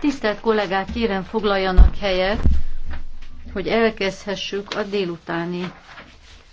Tisztelt kollégák, kérem foglaljanak helyet, hogy elkezdhessük a délutáni